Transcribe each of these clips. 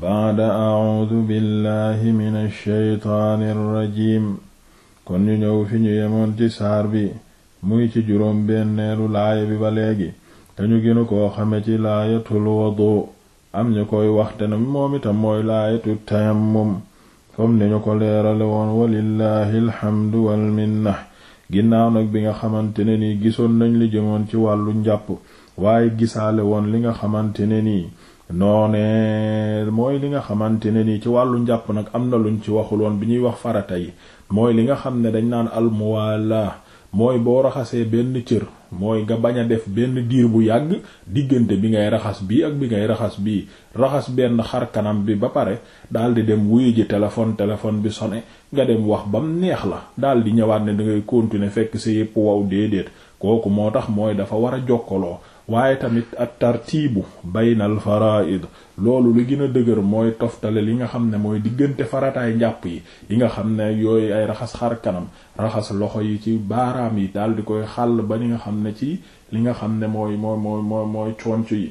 baada audu billahi min alsheytaani irrajim kon ñu ñëw fi ñu yemoon ci saar bi muy ci juróom benneelu laaya bi ba léegi te ñu gënu koo xame ci laayatul wadu am ñu koy waxte na moom itam mooy laayatu tayammum comme ni ñu ko leerale woon walillahi alhamdu walminna ginnaaw nag bi nga xamante ne nii gisoon nañ li jëmoon ci wàllu njàpp waaye gisaale woon li nga xamante ne nii noone mooy li nga xamante ne nii ci wàllu njàpp nag am na lu luñ ci waxuloon bi ñuy wax farata yi mooy li nga xam ne dañ naan almuwaala mooy boo raxasee benn cër mooy nga bañ a def benn diir bu yàgg diggante bi ngay raxas bii ak bi ngay raxas bii raxas benn xar kanam bi ba pare di dem wuyu ji téléphone téléphone bi sone nga dem wax bam neex la di ñëwaat ne dangay continuer fekk si yëpp wow déedéet kooku moo tax mooy dafa war a jokkaloo waaye tamit at tartiibu baynal faraid loolu li gën a dëgër mooy toftale li nga xam ne mooy diggante farataay njàpp yi yi nga xam ne yooyu ay raxas xar kanam raxas loxo yi ci baaraam yi daal di koy xàll ba li nga xam ne ci li nga xam ne mooy mooy mooy conc yi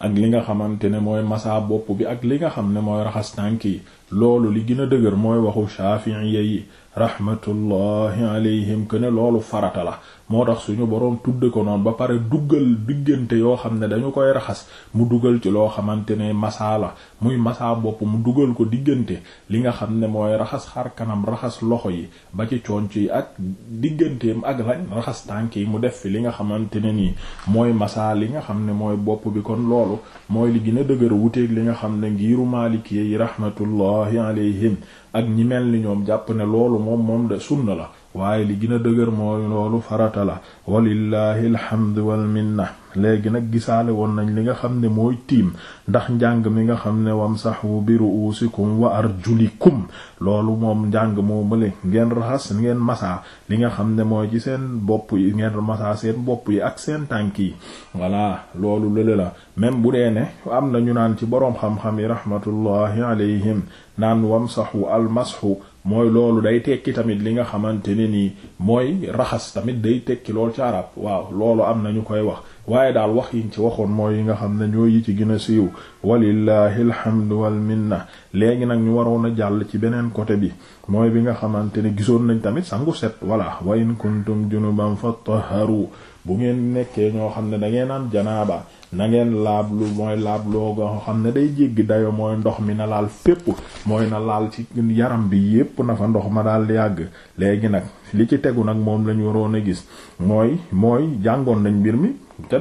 ak li nga xamante ne mooy masaa bopp bi ak li nga xam ne mooy raxas tànk yi loolu li gën a dëgër mooy waxu shafi'iyya yi rahmatullahi alayhim que ne loolu farata la moo tax suñu boroom tudd ko noonu ba pare duggal diggante yoo xam ne dañu koy raxas mu dugal ci loo xamante ne masaa la muy masaa bopp mu dugal ko diggante li nga xam ne mooy raxas xar kanam raxas loxo yi ba ci ak digganteem ak lañ raxas tànk yi mu def fi li nga xamante ne nii mooy masaa li nga xam ne mooy bopp bi kon loolu mooy li gën a dëgër wuteeg li nga xam ne ngiiru maalikee yi rahmatullah rahmatullahi alayhim ak ñi mel ni ñoom jàpp ne loolu moom moom de sunna la waaye li gën a dëgër mooy loolu farata la walillahi alhamdu wal minna léegi nag gisaale woon nañ li nga xam ne mooy tiim ndax njàng mi nga xam ne wamsahu bi ru'usikum wa arjulikum loolu moom njàng moo bële ngeen raxas ngeen masaa li nga xam ne mooy ci seen bopp yi ngeen masaa seen bopp yi ak seen tànk yi voilà loolu lële la même bu dee ne am na ñu naan ci boroom xam-xam yi rahmatullahi alayhim naan wamsahu almashu mooy loolu day tekki tamit li nga xamante ne nii mooy raxas tamit day tekki lool ci arab waaw loolu am na ñu koy wax waaye daal wax yiñ ci waxoon mooy yi nga xam ne ñoo yi ci gën a siiw walillahi alhamdu wal minna léegi nag ñu waroon a jàll ci beneen côté bi mooy bi nga xamante ne gisoon nañ tamit sangu set walla wa in kuntum junuban fatahharu bu ngeen nekkee ñoo xam ne da naan am janaaba na ngeen laab lu mooy laab loo nga xam ne day jéggi dayo mooy ndox mi na laal fépp mooy na laal ci yaram bi yépp na fa ndox ma daal yàgg léegi nag li ci tegu nag moom lañu waroon a gis mooy mooy jàngoon nañ mbir mi ca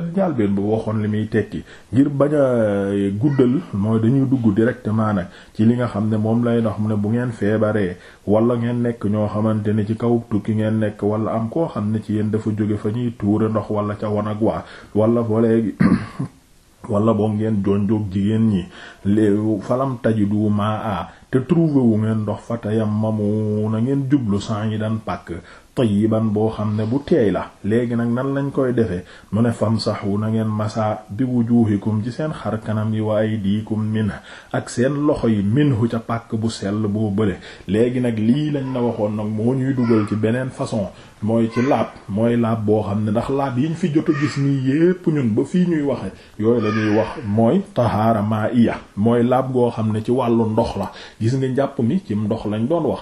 bu waxoon li muy tekki ngir bañ a guddal mooy dañuy dugg directement nag ci li nga xam ne moom lay ndox mu ne bu ngeen feebaree wala ngeen nekk ñoo xamante ne ci kaw tukki ngeen nekk wala am koo xam ne ci yéen dafa jóge fa ñuy tuure ndox wala ca wanag waa wala fa léegi wala boo ngeen jonjoog jigéen ñi léew falam tajidu maa a te trouvé wu ngeen ndox fa tayammamu na ngeen jublu saa ngi daan pàkk tayyiban boo xam ne bu teey la léegi nag nan lañ koy defee mu ne famsahu na ngeen masa bi wujuhikum ci seen xar kanam yi wa aydikum min ak seen loxo yi minhu ca pàkk bu sell boo bële léegi nag lii lañ la waxoon nag moo ñuy dugal ci beneen façon mooy ci laab mooy laab boo xam ne ndax laab yiñ fi jot a gis nii yépp ñun ba fii ñuy waxe yooyu lañuy wax mooy tahaara maa iya mooy laab goo xam ne ci wàllu ndox la gis nga njàpp mi ci ndox lañ doon wax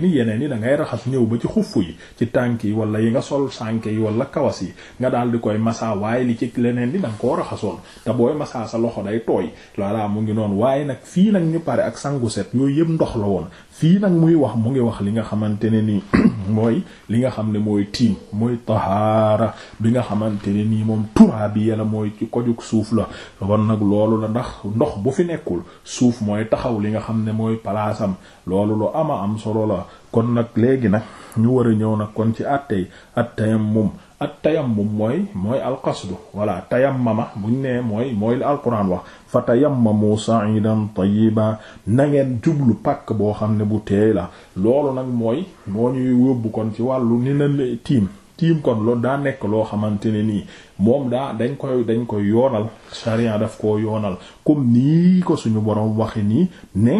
ni yeneen yi da ngay raxas ñëw ba ci xuff yi ci tànk yi wala yi nga sol sànke yi wala kawas yi nga daal di koy massa waaye li ci leneen li da koo raxasoon te booy massa sa loxo day tooy loola mu ngi noonu waaye nag fii nag ñu pare ak sangu set yooyu yëpp ndox la woon fii nag muy wax mu ngi wax li nga xamante ne nii mooy li nga xam ne mooy tiim mooy tahaara bi nga xamante ne nii moom turaabiya la mooy ci kojug suuf la kon nag loolu la ndax ndox bu fi nekkul suuf mooy taxaw li nga xam ne mooy palaasam loolu lu ama am solo la kon nag léegi nag ñu war a ñëw nag kon ci attey atteyam moom ak tayammum mooy mooy alqasdu walla tayammama buñ nee mooy mooy li alquran wax fa tayammamu sa'idan tayyiba na nangeen jublu pàkk boo xam ne bu teey la loolu nag mooy moo ñuy yóbbu kon ci wàllu ni na tiim tiim kon loolu daa nekk loo xamante ne nii moom daa dañ koy dañ koy yoonal sharia daf koo yoonal comme nii ko suñu borom waxe nii ne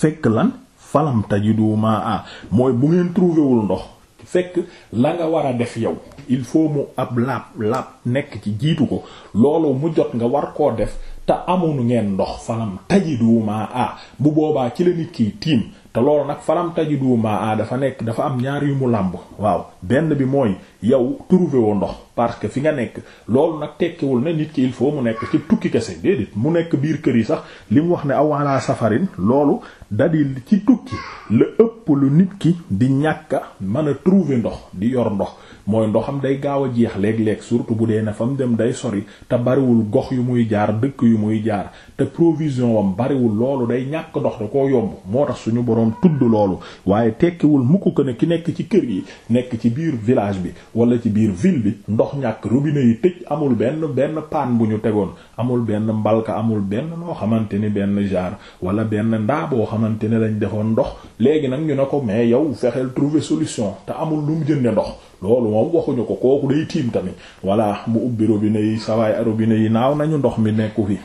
fekk lan falam tajidu maa mooy bu ngeen trouvé ndox fekk la nga war a def yow il faut mu ab laab laab nekk ci jiitu ko loolu mu jot nga war koo def te amoonu ngeen ndox falam tajidu maa a bu boobaa ci la nit kiy tiim te loolu nag falam tajidu maa a dafa nekk dafa am ñaar yu mu làmb waaw benn bi mooy yow trouvé woo ndox parce que fi nga nekk loolu nag tekkiwul ne nit ki il faut mu nekk ci tukki kese déedéet mu nekk biir kër yi sax li mu wax ne awala safarin loolu dadi ci tukki la ëpp lu nit ki di ñàkk mana a ndox di yor ndox mooy ndoxam day gaaw a jeex léeg-léeg surtout bu dee ne fa mu dem day sori te bariwul gox yu muy jaar dëkk yu muy jaar te provision wam bariwul loolu day ñàkk ndox da koo yomb moo tax suñu boroom tudd loolu waaye tekkiwul mukk ko ne ki nekk ci kër yi nekk ci biir village bi wala ci biir ville bi ndox ñàkk robinet yi tëj amul benn benn paan bu ñu tegoon amul benn mbalka amul benn noo xamante ni benn genre wala benn ndaa boo xamante ne lañ defoon ndox léegi nag ñu ne ko mais yow fexeel trouver solution te amul lu mu jënde ndox loolu moom waxuñu ko kooku day tiim tamit voilà mu ubbi robinet yi sawaay robinet yi naaw nañu ndox mi nekku fi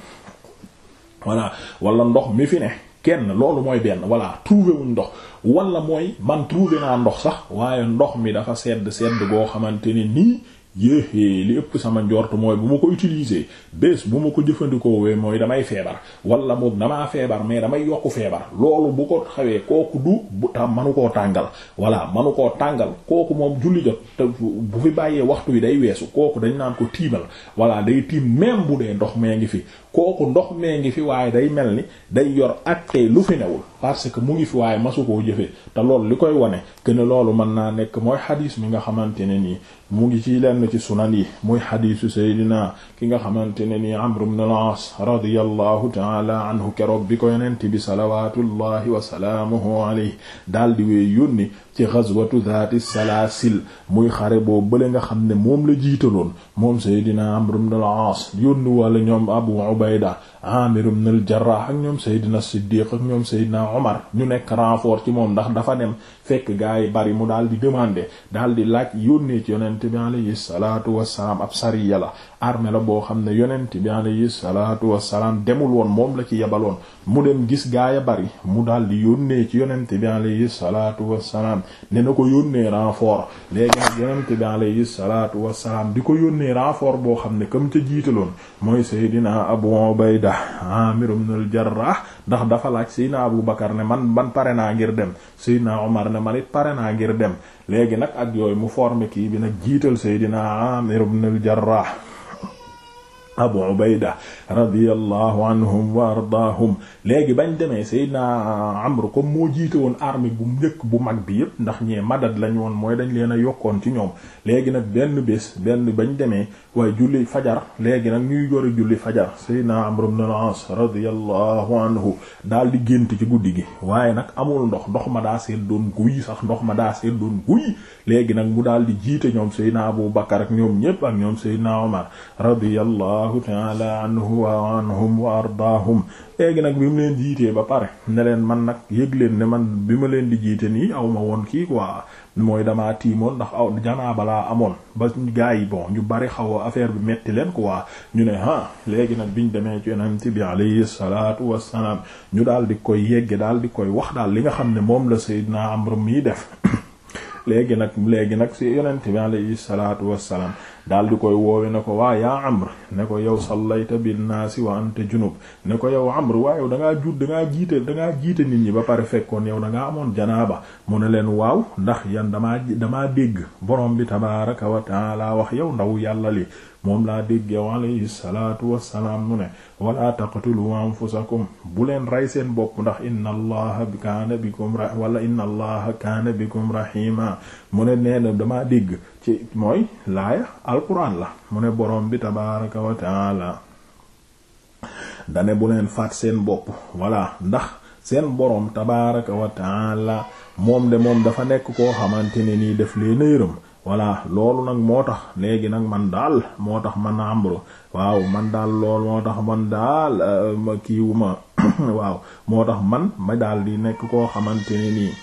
voilà wala ndox mi fi ne kenn loolu mooy benn voilà trouvé wuñ ndox wala mooy man trouvé naa ndox sax waaye ndox mi dafa sedd sedd goo xamante ni nii yéexee li ëpp sama njort mooy bu ma ko utiliser bees bu ma ko jëfandikoo wee mooy damay feebar wala moom damaa feebar mais damay yokk feebar loolu bu ko xawee kooku du bu tam manu koo tàngal voilà manu koo tàngal kooku moom julli jot te bu fi bàyyee waxtu wi day weesu kooku dañ naan ko tiimal voilà day tiim même bu dee ndox mee ngi fi kooku ndox mee ngi fi waaye day mel ni day yor attee lu fi newul parce que mu ngi fi waaye masu koo jëfee te loolu li koy wane que loolu mën naa nekk mooy xadiis mi nga xamante ne nii lenn ci sunan yi muy xadiisu seydina ki nga xamante ne nii amru ibn al-aas radiyallahu taala anhu keroog bi ko yonent bi salawatullahi wa salaamuhu alayhi daal di wee yónni ci ghazwatu zaati salaasil muy xare boo bële nga xam ne moom la jiitaloon moom seydina amru ibn al-aas yónni wala ñoom abu ubayda amir ibn al-jarrah ak ñoom seydina siddiq ak ñoom seydina omar ñu nekk renfort ci moom ndax dafa dem fekk gaa yi bari mu daal di demander daal di laaj yónnee ci yonent bi alayhi salaatu wassalaam ab sariya la armée la boo xam ne yonent bi alayhi salaatu wassalaam demul moom la ci yebaloon mu dem gis gaaya bari mu daal di yónnee ci yonent bi alayhi salaatu wassalaam ne na ko yónnee renfort léegi nag yonent bi alayhi salaatu wassalaam di ko yónnee renfort boo xam ne comme ca jiitaloon mooy Seydina Abu Ubayda Amir ibn al ndax dafa laaj Seydina Abu Bakar ne man man pare naa ngir dem Seydina Omar ne man pare naa ngir dem léegi nag ak yooyu mu formé kii bi nag jiital Seydina Amir ibn al-Jarrah abu ubayda radiallahu anhum wa ardaahum léegi bañ demee seydna amr comme moo jiite woon armée bu njëkk bu mag bi yépp ndax ñee madad lañ woon mooy dañ leen a yokkoon ci ñoom léegi nag benn bés benn bañ demee waaye julli fajar léegi nag ñuy jor julli fajar Seydina Amr ibn al-As radiyallahu anhu daal di gént ci guddi gi waaye nag amul ndox ndox ma daa seen doon guy sax ndox ma daa seen doon guy léegi nag mu daal di jiite ñoom Seydina Abu Bakar ak ñoom ñépp ak ñoom Seydina Omar radiyallahu ta'ala anhu wa anhum wa ardaahum léegi nag bi mu leen jiitee ba pare ne leen man nag yëg leen ne man bi ma leen di jiite nii awma ma woon kii waa mooy damaa tiimoon ndax aw janaaba balaa amoon ba gaa yi bon ñu bari xaw a affaire bi metti leen waa ñu ne ah léegi nag bi ñu demee ci yonent bi alayhi salaatu wassalaam ñu daal di koy yegge daal di koy wax daal li nga xam ne moom la Seydina Amr mi def léegi nag léegi nag si yonent bi alayhi salaatu wassalaam daal di koy woowe ne ko waa yaa amr ne ko yow sallayta bin naasi wa anta junub ne ko yow amr waa yow da ngaa jut da jiite nit ñi ba pare fekkoon yow da ngaa amoon janaaba mu ne leen waaw ndax yan damaa damaa dégg borom bi tabaraka wa taala wax yow ndaw yàlla li moom laa dégg yow alayhi salaatu wassalaam mu ne wala taqtulu anfusakum bu leen rey seen bopp ndax inna allaha kaana bikum wala inna allaha kaana bikum rahima mu ne nee na damaa dégg ci mooy laaya alquran la mu ne borom bi tabaaraka wa taala dane bu leen faat seen bopp voilà ndax seen borom tabaaraka wa taala moom de moom dafa nekk koo xamante ne nii def leen a yërëm voilà loolu nag moo tax léegi nag man daal moo tax ma ambro waaw man daal loolu moo tax man daal euh, ma kiiwuma waaw moo tax man ma daal di nekk koo xamante ne nii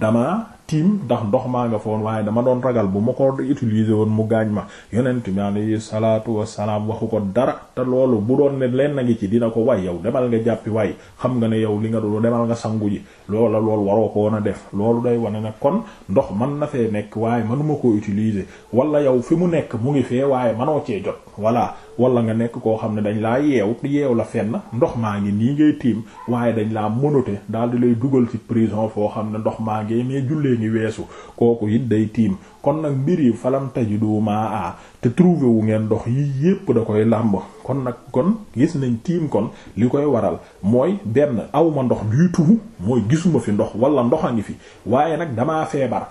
dama tiim ndax ndox maa nga foon waaye dama doon ragal bu ma ko utiliser woon mu gaañ ma yonent bi alayhi salaatu wassalaam waxu ko dara te loolu bu doon ne lenn na ngi ci dina ko way yow demal nga jàppi way xam nga ne yow li nga doon demal nga sangu ji loola lool waroo ko woon a def loolu day wane ne kon ndox mën na fee nekk waaye mënuma koo utiliser wala yow fi mu nekk mu ngi fee waaye mënoo cee jot voilà wala nga nekk koo xam ne dañ laa yeew yeew la fenn ndox maa ngi nii ngay tiim waaye dañ laa mënute daal di lay dugal ci prison foo xam ne ndox maa ngi mais jullee ngi weesu kooku it day tiim kon nag mbir yi falam tajidu maa te trouvé wu ngeen ndox yi yépp da koy làmb kon nag kon gis nañ tiim kon li koy waral mooy benn awma ndox du tout mooy gisuma fi ndox wala ndox a fi waaye nag damaa feebar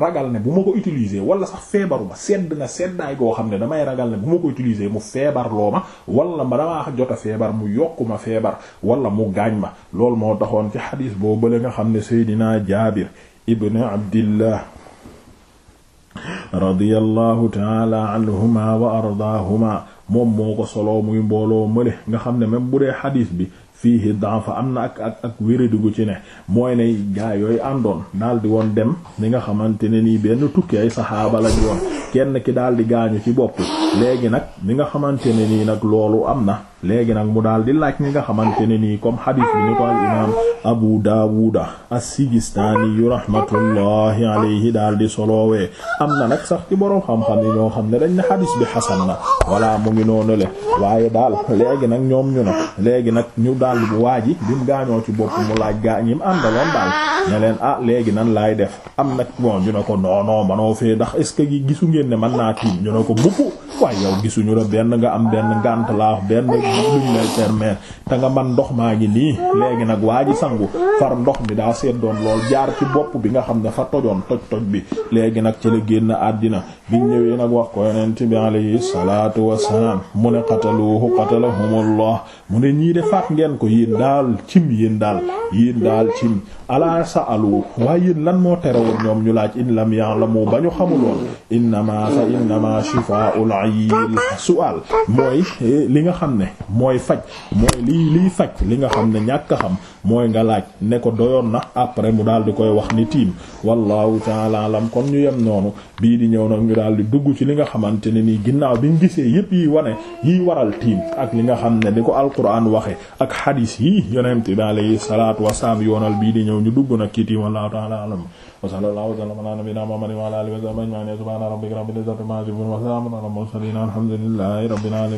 ragal ne bu ma ko utiliser wala sax feebaruma sedd na seddaay goo xam ne damay ragal ne bu ma ko utiliser mu feebar loo ma walla ma damaa jot feebar mu yokku ma feebar wala mu gaañ ma loolu moo taxoon ci xadiis boobu la nga xam ne Seydina Jaabir ibn Abdillah radiyallahu taala anhuma wa ardaahuma moom moo ko soloo muy mbooloo mële nga xam ne même bu dee xadiis bi fiihi daafa am na ak ak ak wéradigu ci ne mooy ne gaa yooyu àndoon daal di woon dem li nga xamante ne nii benn tukki ay saxaaba lañ woon kenn ki daal di gaañu ci bopp léegi nag bi nga xamante ne nii nag loolu am na léegi nag mu daal di laaj ñi nga xamante ne nii comme xadiis bi ni ko al imaam Abu Daawuda as-Sijistaani yu rahmatullahi alayhi daal di solowee am na nag sax ci boroom xam-xam yi ñoo xam ne dañ ne xadiis bi xasan na walla mu ngi noonu le waaye daal léegi nag ñoom ñu na léegi nag ñu daal bu waaji bi mu gaañoo ci bopp mu laaj gaa ñi mu àndaloon daal ne leen a ah, léegi nan laay def am nag bon ñu ne ko non non manoo fee ndax est-ce que gisu ngeen ne mën naa tiim ñu ne ko mukk waaye yow benn am benn ngànt laa benn Boulogne-sur-Mer te nga man ndox maa ngi nii léegi nag waa ji sangu far ndox mi daa seet doon lool jaar ci bopp bi nga xam ne fa tojoon toj toj bi léegi nag ci la génn àddina bi ñëwee nag wax ko yonent bi alayhi salaatu wassalaam mu ne qataluhu qatalahumullah ñii de faat ngeen ko yéen daal cim yéen daal yéen daal cim ala sa'alu waaye yéen lan moo terewoon ñoom ñu laaj in lam ya'lamu ba ñu xamuloon innama fa innama shifaa'ul 'ayil su'aal mooy eh, li nga xam ne mooy faj mooy lii liy faj li nga xam ne ñàkk a xam mooy nga laaj ne ko doyoon na après mu daal di koy wax ni tiim wallahu ta'ala alam kon ñu yem noonu bii di ñëw nag ñu daal di dugg ci li nga xamante ne nii ginnaaw bi ñu gisee yépp yi wane yiy waral tiim ak li nga xam ne di ko alquran waxe ak xadiis yi yonent bi alayhi salaatu wasalaam yonal bii di ñëw ñu dugg nag ci tiim wallahu ta'ala alam wa sallallahu wa sallama ala nabiyyina Muhammadin wa ala alihi wa sahbihi ajma'in subhana rabbika rabbil izzati amma yasifun wa salamun ala mursalin alhamdulillahi rabbil alamin